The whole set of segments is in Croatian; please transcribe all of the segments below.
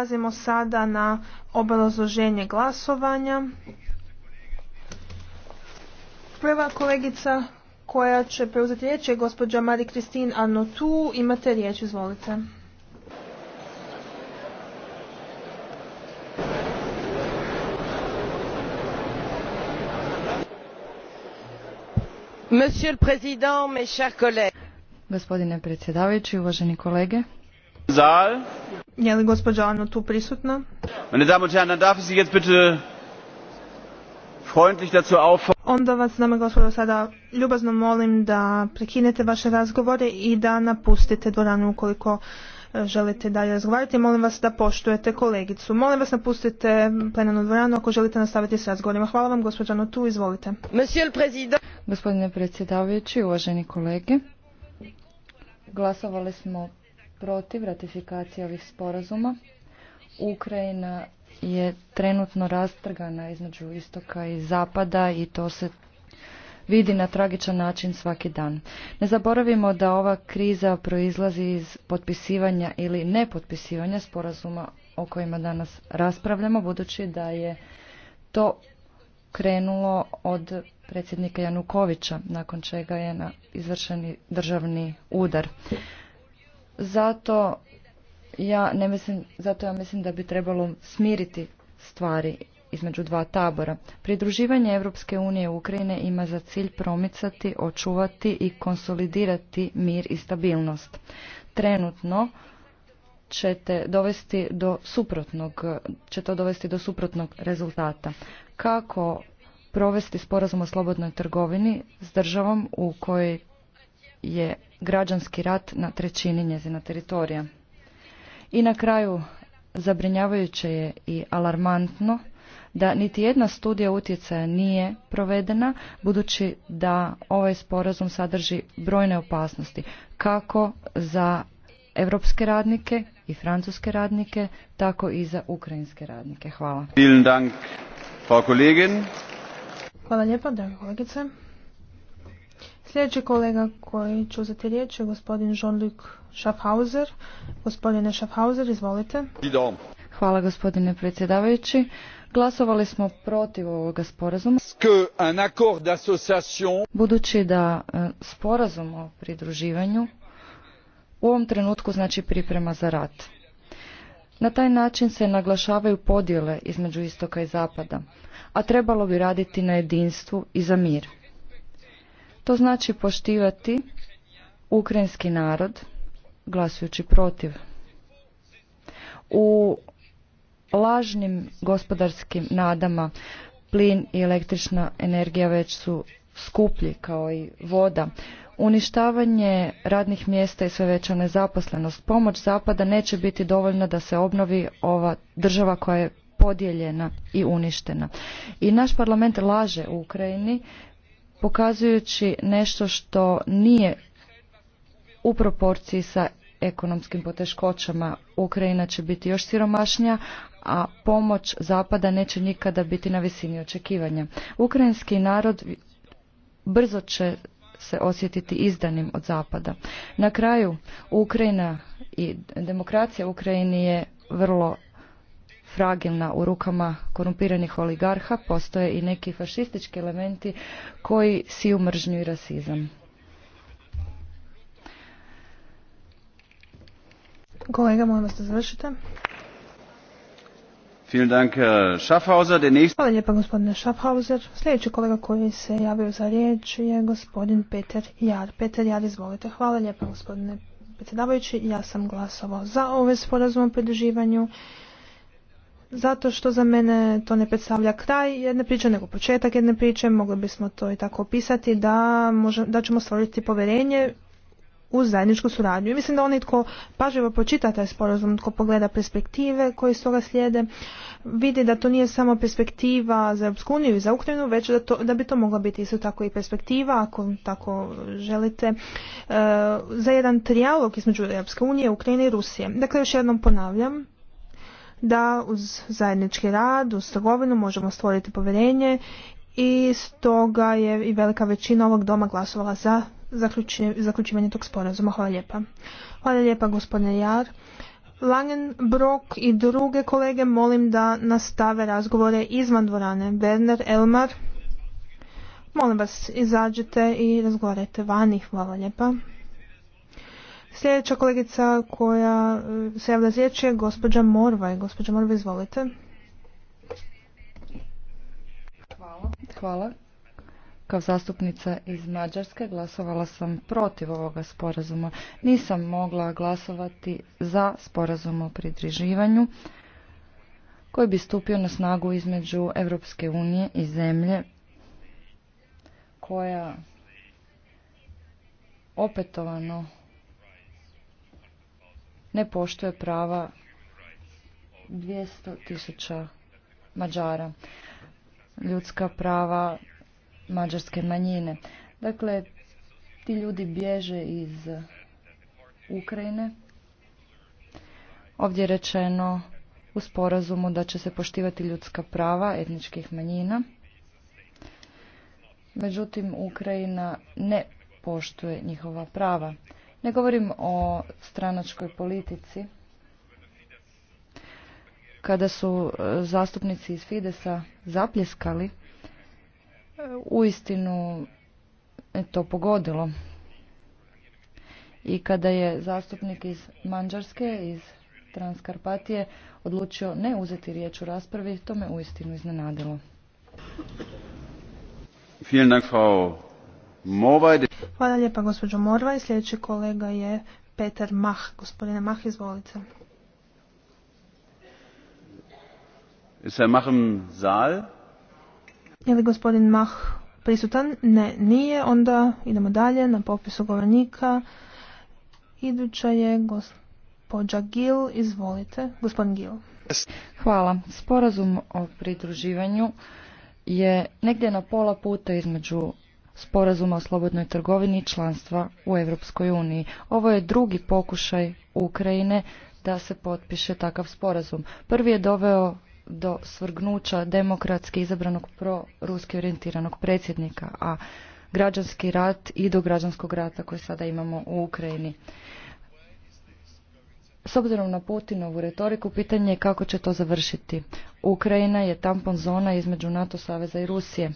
prelazimo sada na obrazloženje glasovanja. Prva kolegica koja će preuzeti riječ je gospođa mari Kristin, Arnotu. Imate riječ, izvolite. Monsieur le Président, mes chers collègues. Gospodine predsjedavajući, uvaženi kolege. Zal. Je li gospođa tu prisutna? Meine Damen und Herren, darf Sie jetzt bitte freundlich dazu auffordern. Onda vas, dame gospodo, sada ljubazno molim da prekinete vaše razgovore i da napustite dvoranu ukoliko e, želite dalje razgovarati. Molim vas da poštujete kolegicu. Molim vas napustite plenarnu dvoranu ako želite nastaviti s razgovorima. Hvala vam, gospođa tu izvolite. Gospodine predsjedavajući, uvaženi kolege, glasovali smo protiv ratifikacije ovih sporazuma. Ukrajina je trenutno rastrgana između istoka i zapada i to se vidi na tragičan način svaki dan. Ne zaboravimo da ova kriza proizlazi iz potpisivanja ili nepotpisivanja sporazuma o kojima danas raspravljamo, budući da je to krenulo od predsjednika Janukovića, nakon čega je izvršeni državni udar. Zato ja ne mislim, zato ja mislim da bi trebalo smiriti stvari između dva tabora. Pridruživanje Europske unije Ukrajine ima za cilj promicati, očuvati i konsolidirati mir i stabilnost. Trenutno ćete dovesti do suprotnog, će to dovesti do suprotnog rezultata. Kako provesti sporazum o slobodnoj trgovini s državom u kojoj je građanski rat na trećini njezina teritorija. I na kraju zabrinjavajuće je i alarmantno da niti jedna studija utjecaja nije provedena budući da ovaj sporazum sadrži brojne opasnosti kako za europske radnike i francuske radnike tako i za ukrajinske radnike. Hvala. Sljedeći kolega koji ću uzeti riječ je gospodin Jean-Luc Schaffhauser. Gospodine Schaffhauser, izvolite. Hvala gospodine predsjedavajući. Glasovali smo protiv ovoga sporazuma. Budući da e, sporazum o pridruživanju u ovom trenutku znači priprema za rat. Na taj način se naglašavaju podjele između istoka i zapada, a trebalo bi raditi na jedinstvu i za mir. To znači poštivati ukrajinski narod glasujući protiv. U lažnim gospodarskim nadama plin i električna energija već su skuplji kao i voda. Uništavanje radnih mjesta i sve veća nezaposlenost. Pomoć Zapada neće biti dovoljna da se obnovi ova država koja je podijeljena i uništena. I naš parlament laže u Ukrajini pokazujući nešto što nije u proporciji sa ekonomskim poteškoćama. Ukrajina će biti još siromašnija, a pomoć Zapada neće nikada biti na visini očekivanja. Ukrajinski narod brzo će se osjetiti izdanim od Zapada. Na kraju, Ukrajina i demokracija Ukrajini je vrlo fragilna u rukama korumpiranih oligarha, postoje i neki fašistički elementi koji siju mržnju i rasizam. Kolega, molim vas da završite. Hvala lijepa gospodine Schaffhauser. Sljedeći kolega koji se javio za riječ je gospodin Peter Jar. Peter Jar, izvolite. Hvala lijepa gospodine predsjedavajući. Ja sam glasovao za ove sporazume o pridruživanju zato što za mene to ne predstavlja kraj jedne priče, nego početak jedne priče, mogli bismo to i tako opisati, da, da ćemo stvoriti poverenje u zajedničku suradnju. I mislim da onaj tko pažljivo pročita taj sporazum, tko pogleda perspektive koje iz toga slijede, vidi da to nije samo perspektiva za Europsku uniju i za Ukrajinu, već da, to, da bi to mogla biti isto tako i perspektiva, ako tako želite, e, za jedan trijalog između Europske unije, Ukrajine i Rusije. Dakle, još jednom ponavljam, da uz zajednički rad, uz trgovinu možemo stvoriti povjerenje i stoga je i velika većina ovog doma glasovala za zaključivanje tog sporazuma. Hvala lijepa. Hvala lijepa gospodine Jar. Langenbrock i druge kolege molim da nastave razgovore izvan dvorane. Berner, Elmar, molim vas izađite i razgovarajte vani. Hvala lijepa. Sljedeća kolegica koja e, se javlja riječ je gospođa Morvaj. Gospođa Morvaj, izvolite. Hvala. Hvala. Kao zastupnica iz Mađarske glasovala sam protiv ovoga sporazuma. Nisam mogla glasovati za sporazum o pridruživanju koji bi stupio na snagu između Europske unije i zemlje koja opetovano ne poštuje prava 200 tisuća Mađara, ljudska prava mađarske manjine. Dakle, ti ljudi bježe iz Ukrajine. Ovdje je rečeno u sporazumu da će se poštivati ljudska prava etničkih manjina. Međutim, Ukrajina ne poštuje njihova prava. Ne govorim o stranačkoj politici. Kada su e, zastupnici iz Fidesa zapljeskali, e, uistinu je to pogodilo. I kada je zastupnik iz Manđarske, iz Transkarpatije, odlučio ne uzeti riječ u raspravi, to me uistinu iznenadilo. Frau Hvala lijepa gospođo i Sljedeći kolega je Petar Mah. Gospodine Mah, izvolite. Je li gospodin Mah prisutan? Ne, nije. Onda idemo dalje na popisu govornika. Iduća je gospođa Gil. Izvolite. Gospodin Gil. Hvala. Sporazum o pridruživanju je negdje na pola puta između sporazuma o slobodnoj trgovini i članstva u Europskoj uniji. Ovo je drugi pokušaj Ukrajine da se potpiše takav sporazum. Prvi je doveo do svrgnuća demokratski izabranog pro-ruski orijentiranog predsjednika, a građanski rat i do građanskog rata koji sada imamo u Ukrajini. S obzirom na Putinovu retoriku, pitanje je kako će to završiti. Ukrajina je tampon zona između NATO saveza i Rusije.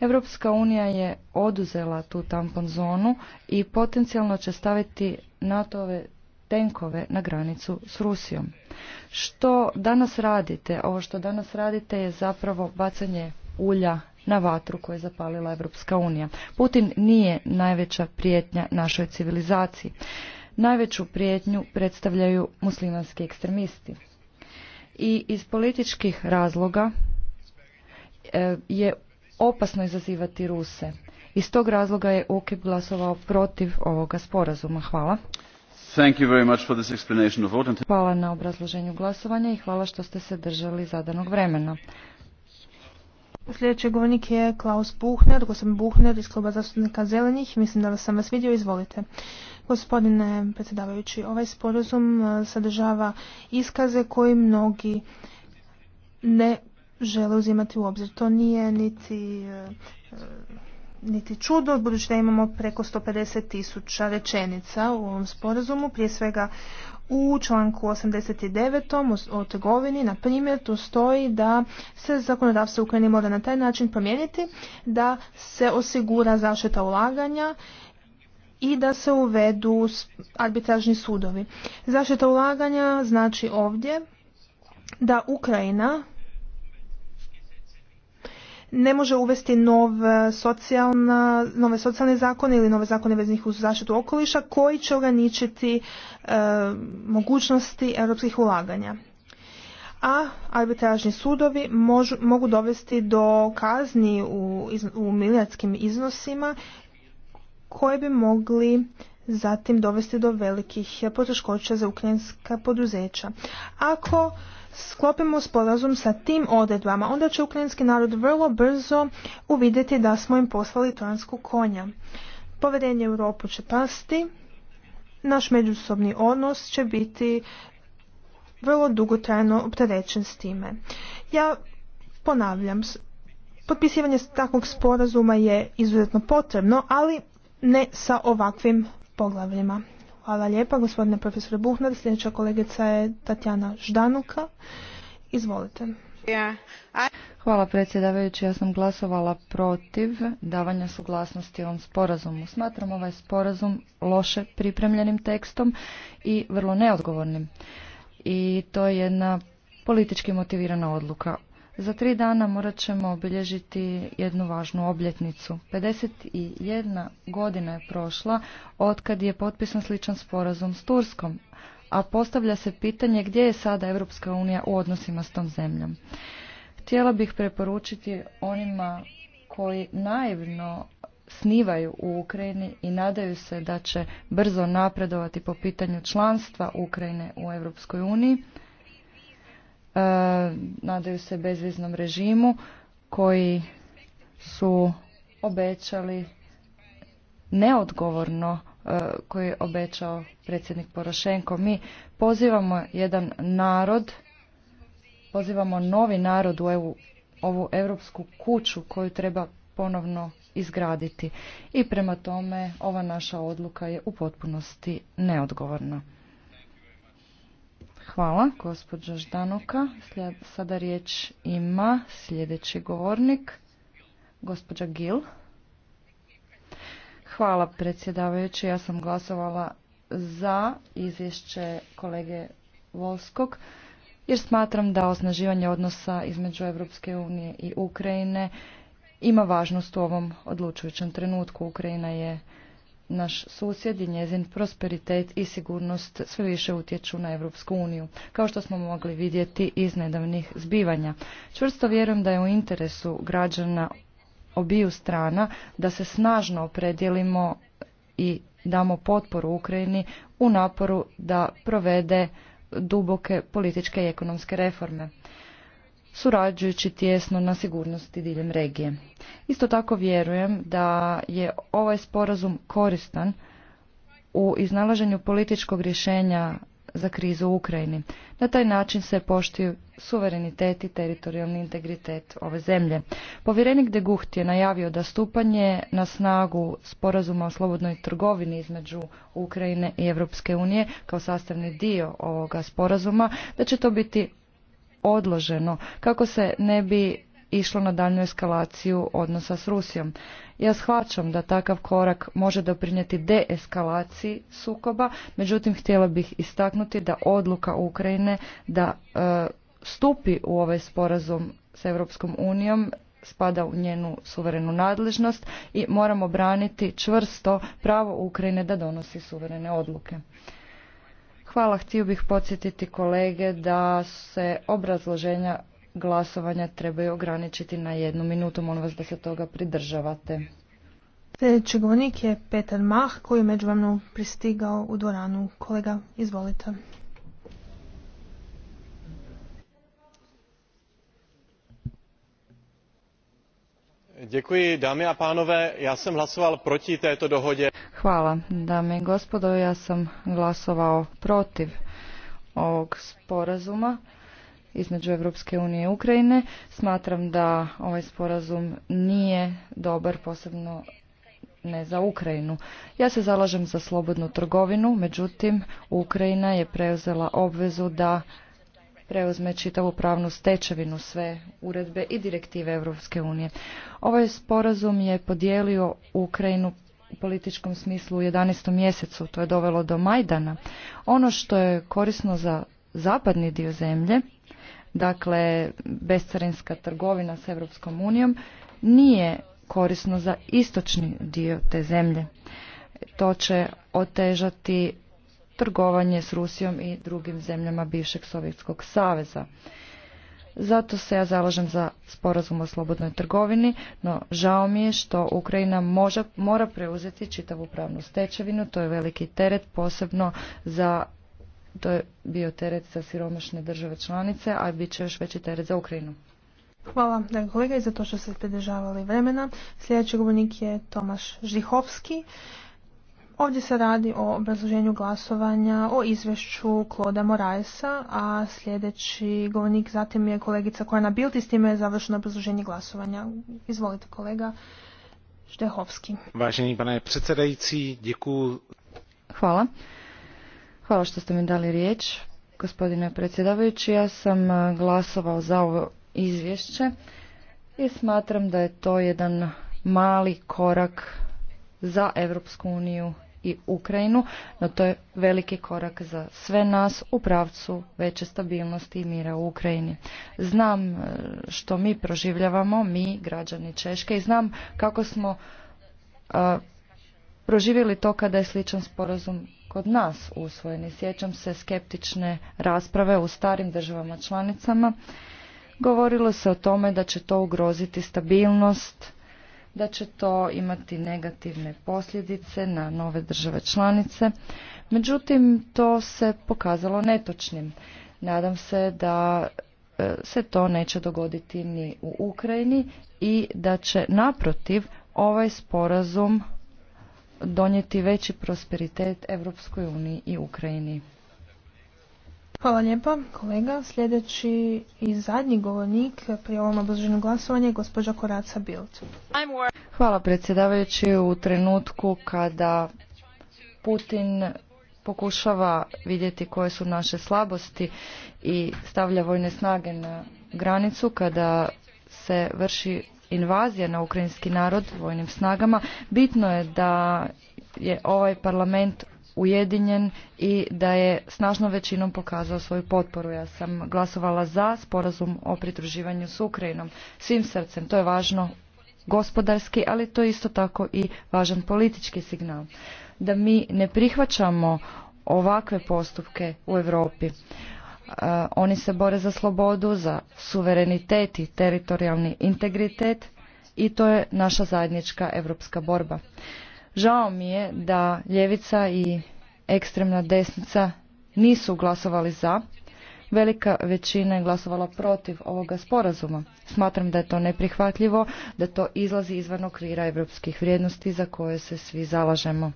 Europska unija je oduzela tu tampon zonu i potencijalno će staviti NATO-ove tenkove na granicu s Rusijom. Što danas radite, ovo što danas radite je zapravo bacanje ulja na vatru koju je zapalila Europska unija. Putin nije najveća prijetnja našoj civilizaciji najveću prijetnju predstavljaju muslimanski ekstremisti. I iz političkih razloga e, je opasno izazivati Ruse. Iz tog razloga je UKIP glasovao protiv ovoga sporazuma. Hvala. Hvala na obrazloženju glasovanja i hvala što ste se držali zadanog vremena. Sljedeći govornik je Klaus Buchner, gospodin Buchner iz kluba zastupnika Zelenih. Mislim da vas sam vas vidio, izvolite. Gospodine predsjedavajući, ovaj sporazum e, sadržava iskaze koji mnogi ne žele uzimati u obzir. To nije niti e, e, niti čudo, budući da imamo preko 150 tisuća rečenica u ovom sporazumu, prije svega u članku 89. o trgovini, na primjer, tu stoji da se zakonodavstvo Ukrajine mora na taj način promijeniti, da se osigura zaštita ulaganja i da se uvedu arbitražni sudovi. Zaštita ulaganja znači ovdje da Ukrajina ne može uvesti nove, nove socijalne zakone ili nove zakone veznih uz zaštitu okoliša koji će ograničiti e, mogućnosti europskih ulaganja. A arbitražni sudovi mogu dovesti do kazni u, u milijardskim iznosima koje bi mogli zatim dovesti do velikih poteškoća za ukrajinska poduzeća. Ako sklopimo sporazum sa tim odredbama, onda će ukrajinski narod vrlo brzo uvidjeti da smo im poslali tojansku konja. Povedenje Europu će pasti, naš međusobni odnos će biti vrlo dugotrajno opterećen s time. Ja ponavljam, potpisivanje takvog sporazuma je izuzetno potrebno, ali ne sa ovakvim poglavljima. Hvala lijepa, gospodine profesore Buhner. Sljedeća kolegica je Tatjana Ždanuka. Izvolite. Hvala predsjedavajući, ja sam glasovala protiv davanja suglasnosti ovom sporazumu. Smatram ovaj sporazum loše pripremljenim tekstom i vrlo neodgovornim. I to je jedna politički motivirana odluka. Za tri dana morat ćemo obilježiti jednu važnu obljetnicu. 51 godina je prošla otkad je potpisan sličan sporazum s Turskom, a postavlja se pitanje gdje je sada Europska unija u odnosima s tom zemljom. Htjela bih preporučiti onima koji naivno snivaju u Ukrajini i nadaju se da će brzo napredovati po pitanju članstva Ukrajine u Europskoj uniji nadaju se bezviznom režimu koji su obećali neodgovorno e, koji je obećao predsjednik Porošenko. Mi pozivamo jedan narod, pozivamo novi narod u ovu europsku kuću koju treba ponovno izgraditi. I prema tome ova naša odluka je u potpunosti neodgovorna. Hvala, gospođa Ždanuka. Sada riječ ima sljedeći govornik, gospođa Gil. Hvala, predsjedavajući. Ja sam glasovala za izvješće kolege Volskog, jer smatram da osnaživanje odnosa između Europske unije i Ukrajine ima važnost u ovom odlučujućem trenutku. Ukrajina je naš susjed i njezin prosperitet i sigurnost sve više utječu na Europsku uniju, kao što smo mogli vidjeti iz nedavnih zbivanja. Čvrsto vjerujem da je u interesu građana obiju strana da se snažno opredijelimo i damo potporu Ukrajini u naporu da provede duboke političke i ekonomske reforme surađujući tjesno na sigurnosti diljem regije. Isto tako vjerujem da je ovaj sporazum koristan u iznalaženju političkog rješenja za krizu u Ukrajini. Na taj način se poštuju suverenitet i teritorijalni integritet ove zemlje. Povjerenik de Gucht je najavio da stupanje na snagu sporazuma o slobodnoj trgovini između Ukrajine i Europske unije kao sastavni dio ovoga sporazuma, da će to biti odloženo kako se ne bi išlo na daljnju eskalaciju odnosa s Rusijom. Ja shvaćam da takav korak može doprinijeti deeskalaciji sukoba, međutim htjela bih istaknuti da odluka Ukrajine da e, stupi u ovaj sporazum s Europskom unijom spada u njenu suverenu nadležnost i moramo braniti čvrsto pravo Ukrajine da donosi suverene odluke. Hvala, htio bih podsjetiti kolege da se obrazloženja glasovanja trebaju ograničiti na jednu minutu. Molim vas da se toga pridržavate. Sljedeći govornik je Petar Mah koji je međuvremenu pristigao u dvoranu. Kolega, izvolite. Děkuji, dámy a pánové, já jsem hlasoval proti této dohodě. Hvala. Dame i gospodo, ja sam glasovao protiv ovog sporazuma između Europske unije i Ukrajine. Smatram da ovaj sporazum nije dobar, posebno ne za Ukrajinu. Ja se zalažem za slobodnu trgovinu, međutim Ukrajina je preuzela obvezu da preuzme čitavu pravnu stečevinu sve uredbe i direktive Europske unije. Ovaj sporazum je podijelio Ukrajinu političkom smislu u 11. mjesecu, to je dovelo do Majdana. Ono što je korisno za zapadni dio zemlje, dakle bescarinska trgovina s Europskom unijom, nije korisno za istočni dio te zemlje. To će otežati trgovanje s Rusijom i drugim zemljama bivšeg Sovjetskog saveza. Zato se ja zalažem za sporazum o slobodnoj trgovini, no žao mi je što Ukrajina može, mora preuzeti čitavu pravnu stečevinu, to je veliki teret posebno za to je bio teret za siromašne države članice, a bit će još veći teret za Ukrajinu. Hvala, kolega, i za to što ste pridržavali vremena. Sljedeći govornik je Tomaš Žihovski. Ovdje se radi o obrazloženju glasovanja o izvješću Kloda Moraesa, a sljedeći govornik zatim je kolegica Korana Bilti, s time je završeno obrazloženje glasovanja. Izvolite kolega Štehovski. Važeni pane predsjedajci, Hvala. Hvala što ste mi dali riječ. Gospodine predsjedavajući, ja sam glasovao za ovo izvješće i smatram da je to jedan mali korak za Europsku uniju i Ukrajinu, no to je veliki korak za sve nas u pravcu veće stabilnosti i mira u Ukrajini. Znam e, što mi proživljavamo, mi građani Češke i znam kako smo e, proživjeli to kada je sličan sporazum kod nas usvojen. Sjećam se skeptične rasprave u starim državama članicama. Govorilo se o tome da će to ugroziti stabilnost da će to imati negativne posljedice na nove države članice. Međutim, to se pokazalo netočnim. Nadam se da e, se to neće dogoditi ni u Ukrajini i da će naprotiv ovaj sporazum donijeti veći prosperitet Europskoj uniji i Ukrajini. Hvala lijepa, kolega. Sljedeći i zadnji govornik prije ovom obrženju glasovanja je gospođa Koraca Bild. Hvala predsjedavajući u trenutku kada Putin pokušava vidjeti koje su naše slabosti i stavlja vojne snage na granicu kada se vrši invazija na ukrajinski narod vojnim snagama. Bitno je da je ovaj parlament ujedinjen i da je snažnom većinom pokazao svoju potporu. Ja sam glasovala za sporazum o pridruživanju s Ukrajinom svim srcem. To je važno gospodarski, ali to je isto tako i važan politički signal. Da mi ne prihvaćamo ovakve postupke u Europi. Oni se bore za slobodu, za suverenitet i teritorijalni integritet i to je naša zajednička europska borba. Žao mi je da ljevica i ekstremna desnica nisu glasovali za. Velika većina je glasovala protiv ovoga sporazuma. Smatram da je to neprihvatljivo, da to izlazi izvan okvira evropskih vrijednosti za koje se svi zalažemo.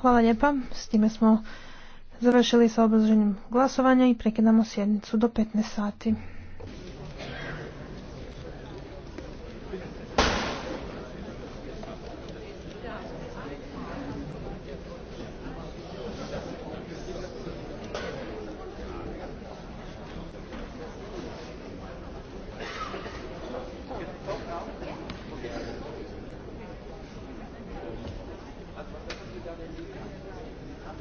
Hvala lijepa. S time smo završili sa obrazovanjem glasovanja i prekidamo sjednicu do 15 sati.